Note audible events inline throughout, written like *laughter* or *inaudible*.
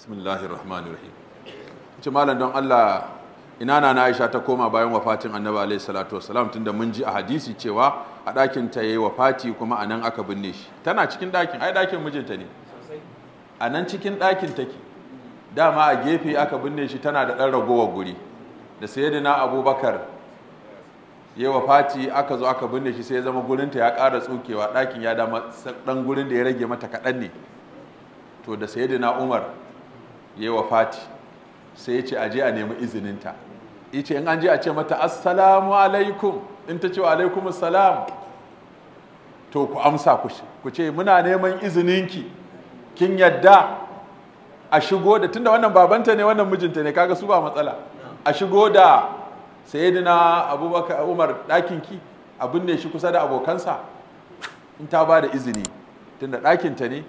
bismillahirrahmanirrahim rahmanir ce malam don Allah ina na na Aisha ta koma bayan wafatin Annabi alayhi salatu wassalam tunda mun ji a hadisi cewa a ɗakin ta yayi wafati kuma a nan aka binne shi tana cikin ɗakin ai ɗakin mijinta ne a nan cikin ɗakin take dama a gefe aka binne shi tana da ɗan ragowa guri da sayyidina Abubakar ya wafati aka zo aka binne shi sai ya zama gurinta ya ƙara tsokewa ɗakin ya dama ɗan gurin da ya rage mata kaɗan ne to da sayyidina Umar ya yi wa fati sai ya ce a je a nemi izininta ya ce in an je a ce mata assalamu alaikum in ta ce wa alaikum assalam to ku amsa ku ce muna neman izininki kin yadda a shigo da tunda wannan babanta ne wannan mijinta ne kaga su ba matsala a shigo da sayyidina abubakar umar ɗakinki abin ne shi kusa da abokansa in ta ba da izini tunda ɗakinta ne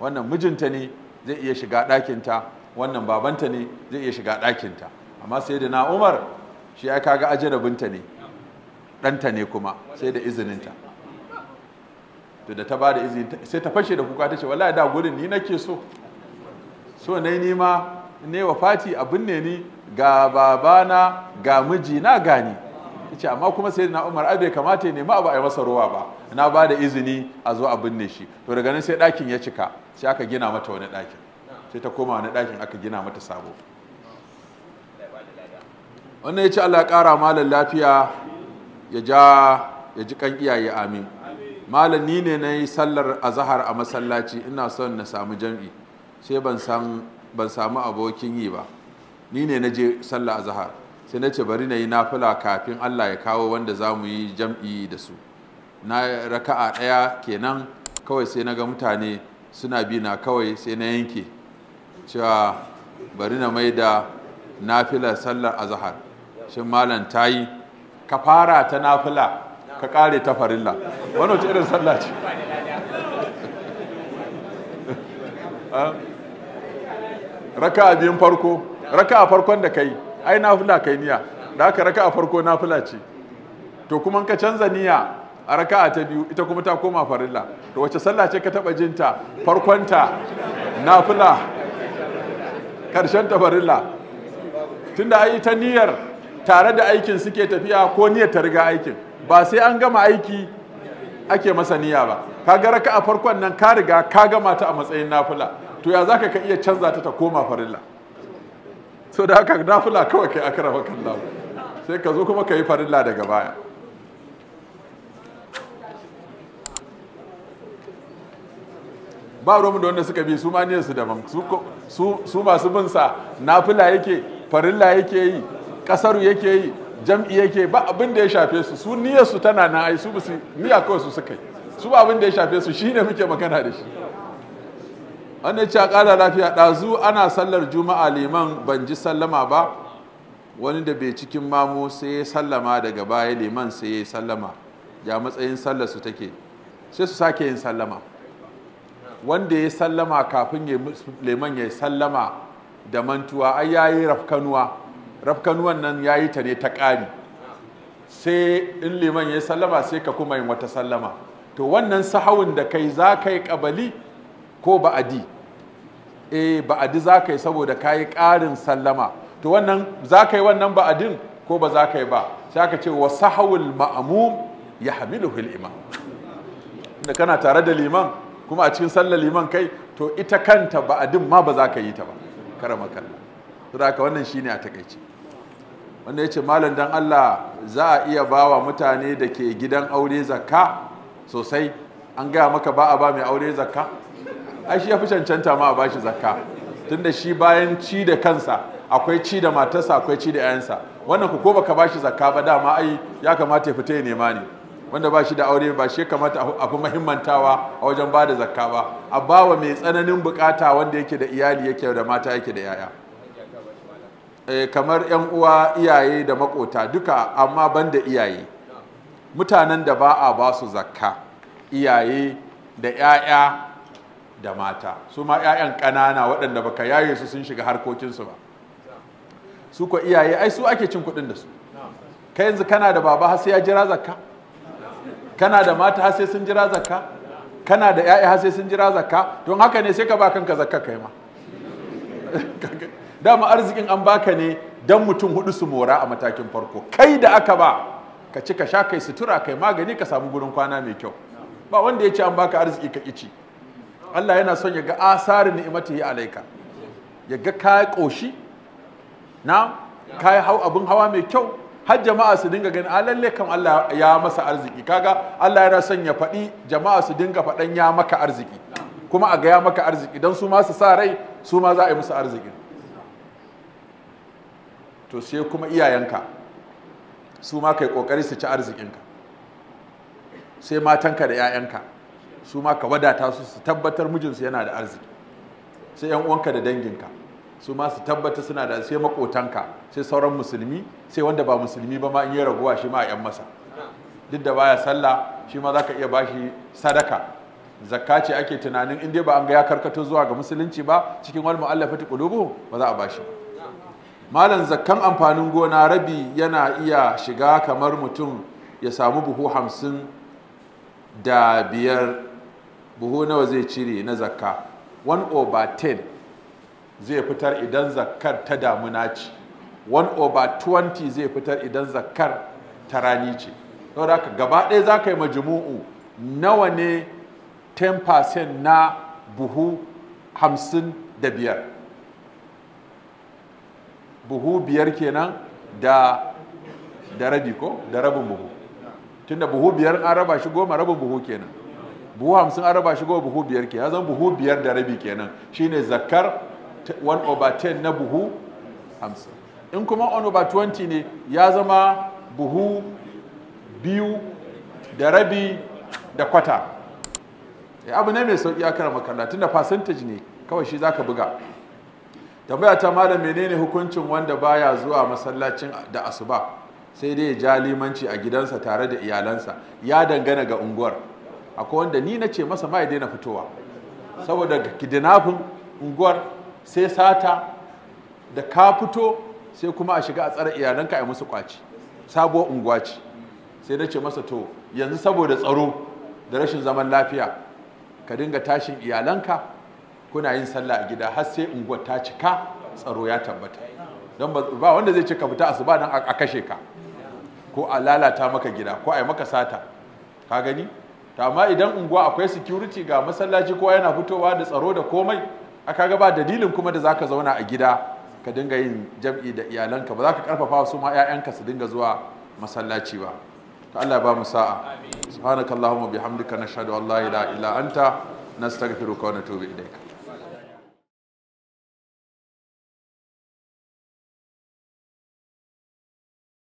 wannan mijinta ne zai iya shiga ɗakinta wannan babanta ne zai iya shiga ɗakinta amma sai da na umar shi ya kaga ajarabinta ne ɗanta ne kuma sai da izininta to da ta ba da izini sai ta fashe da kuka ta ce wallahi da gurin ni nake so so nai ni ma ne wa fati abin ne ni ga babana ga miji na gani ce amma kuma sai na umar abe kamata ya nema ba a yi masa ruwa ba na ba da izini a zo a binne shi to daga nan sai ɗakin ya cika sai aka gina mata wani ɗakin sai ta koma wani ɗakin aka gina mata sabo wannan ya ci allah ƙara malam lafiya ya ja ya ji kan iyaye amin malam ni ne na yi sallar azahar a masallaci ina son na samu jam'i sai ban samu abokin yi ba ni ne na je sallar azahar sai na ce bari na yi nafila kafin allah ya kawo wanda za mu yi jam'i da su na raka'a ɗaya kenan kawai sai na ga mutane suna bi na kawai sai na yanke cewa bari na mai da nafilar sallar azahar shin malam ta yi ka fara ta nafila ka kare ta farilla wani wacce irin sallah ce *laughs* raka a biyun farko raka a farkon da kai ai nafila kai niya da aka raka a farko nafila ce to kuma ka canza niya a raka a ta biyu ita kuma ta koma farilla to wacce sallah ce ka taba jinta farkonta nafila karshen tafarilla tunda yi ta niyyar tare da aikin suke tafiya ko niyyar ta riga aikin ba sai an gama aiki ake masa niyya ba ka ga raka a farkon nan ka riga ka gama ta a matsayin nafula. to ya zaka ka iya canza ta ta koma farilla so da haka nafila kawai kai wa kallahu sai ka zo kuma ka yi farilla daga baya ba ruwan da wanda suka bi su ma su daban su masu bin sa nafila yake farilla yake yi kasaru yake yi jam'i yake ba abin da ya shafe su su niyyar su tana na ai su su niyya kawai su suka yi su ba abin da ya shafe su shine muke magana da shi wanda ce a ƙara lafiya ɗazu ana sallar juma'a liman ban ji sallama ba wani da bai cikin mamu sai ya sallama daga baya liman sai ya sallama ya matsayin sallar su take sai su sake yin sallama wanda ya sallama kafin leman ya sallama da mantuwa ai ya yi rafkanuwa rafkanuwan nan ya yi ta ne ta ƙari sai in leman ya sallama sai ka kuma yin wata sallama to wannan sahawun da kai za ka yi ƙabali ko ba'adi eh ba'adi za ka yi saboda ka yi ƙarin sallama to wannan za ka yi wannan ba'adin ko ba za ka yi ba sai ka ce wa sahawul ma'amum ya hamiluhul imam da kana tare da liman kuma a cikin sallar liman kai to ita kanta ba ba'adin ma ba za ka yi ta ba karama kalla saboda haka wannan shine a takaice wanda yace malam dan Allah za a iya bawa mutane da ke gidan aure zakka sosai an gaya maka ba a ba mai aure zakka ai shi ya fi cancanta ma a bashi zakka tunda shi bayan ci da kansa akwai ci da matarsa akwai ci da 'ya'yansa wannan ku ko baka shi zakka ba dama ai ya kamata ya fita ya nema ne wanda ba shi da aure ba shi kamata a fi mahimmantawa a wajen ba da zakka ba a ba wa mai tsananin bukata wanda yake da iyali yake da mata yake da yaya eh, kamar yan uwa iyaye da makota duka amma ban da iyaye mutanen da ba a ba su zakka iyaye da yaya da mata su ma yayan kanana waɗanda baka yaye su sun shiga harkokinsu ba su ko iyaye ai su ake cin kuɗin da su kai yanzu kana da baba har sai ya jira zakka kana da mata har sai sun jira zakka kana da 'ya'ya har sun jira zakka don haka ne sai ka ba kanka zakka kai ma *laughs* dama arzikin an baka ne dan mutum hudu su mora a matakin farko kai da aka ba ka ci ka sha kai sutura kai magani ka samu gurin kwana mai kyau ba wanda ya ce an baka arziki ka ici Allah yana son ya ga asarin yi alaika ya ga ka ƙoshi, na ka hau abin hawa mai kyau har jama'a su dinga gani a lalle Allah ya masa arziki kaga Allah yana son ya faɗi jama'a su dinga faɗan ya maka arziki kuma a ga ya maka arziki don su ma su sa rai su ma za a yi musu arziki to sai kuma iyayenka su ma kai kokari su ci arzikinka sai matanka da 'ya'yanka su ma ka wadata su su tabbatar mijinsu yana da arziki sai 'yan uwanka da ka. su ma su tabbata suna da sai makotanka sai sauran musulmi sai wanda ba musulmi ba ma in yi raguwa shi ma a yan masa duk da baya sallah shi ma za ka iya bashi sadaka zakka ce ake tunanin in dai ba an ga ya karkato zuwa ga musulunci ba cikin wani ta qulubu ba za a bashi malam zakkan amfanin gona rabi yana iya shiga kamar mutum ya samu buhu hamsin da biyar buhu nawa zai cire na zakka 1 over 10 zai fitar idan zakar ta damuna ce 1 over 20 zai fitar idan zakar ta rani ce saboda haka gaba ɗaya za ka yi majmu'u nawa ne 10% na buhu 55 buhu biyar kenan da da rabi ko da rabin buhu tunda buhu biyar an raba shi goma rabin buhu kenan buhu hamsin an raba shi goma buhu biyar kenan ya zan buhu biyar da rabi kenan shine zakar 1 over 10 na buhu 50 in kuma 1 over 20 ne ya zama buhu biyu da rabi da kwata ya eh, abu ne mai sauƙi a makarna tun tunda percentage ne kawai shi zaka buga tambaya ta da menene hukuncin wanda baya zuwa masallacin da asuba sai dai ya ja limanci a gidansa tare da iyalansa ya dangana ga unguwar akwai wanda ni na ce masa ma ya daina fitowa saboda kidinafin unguwar sai sata da ka fito sai kuma a shiga a tsara iyalanka a musu kwaci sabuwar unguwa ce sai na ce masa to yanzu saboda tsaro da rashin zaman lafiya ka dinga tashin iyalanka kuna yin sallah a gida har sai unguwar ta cika tsaro ya tabbata don ba wanda zai ce ka fita asuba don a kashe ka ko a lalata maka gida ko a yi maka sata ka gani amma idan unguwa akwai security ga masallaci kowa yana fitowa da tsaro da komai a kaga ba dalilin kuma da zaka zauna a gida ka dinga yin jam'i da iyalanka ba za ka karfafa su ma 'ya'yanka su dinga zuwa masallaci ba ta Allah ba mu sa'a subhanakallahumma bihamdika nashhadu an la ilaha illa anta nastaghfiruka wa natubu ilaika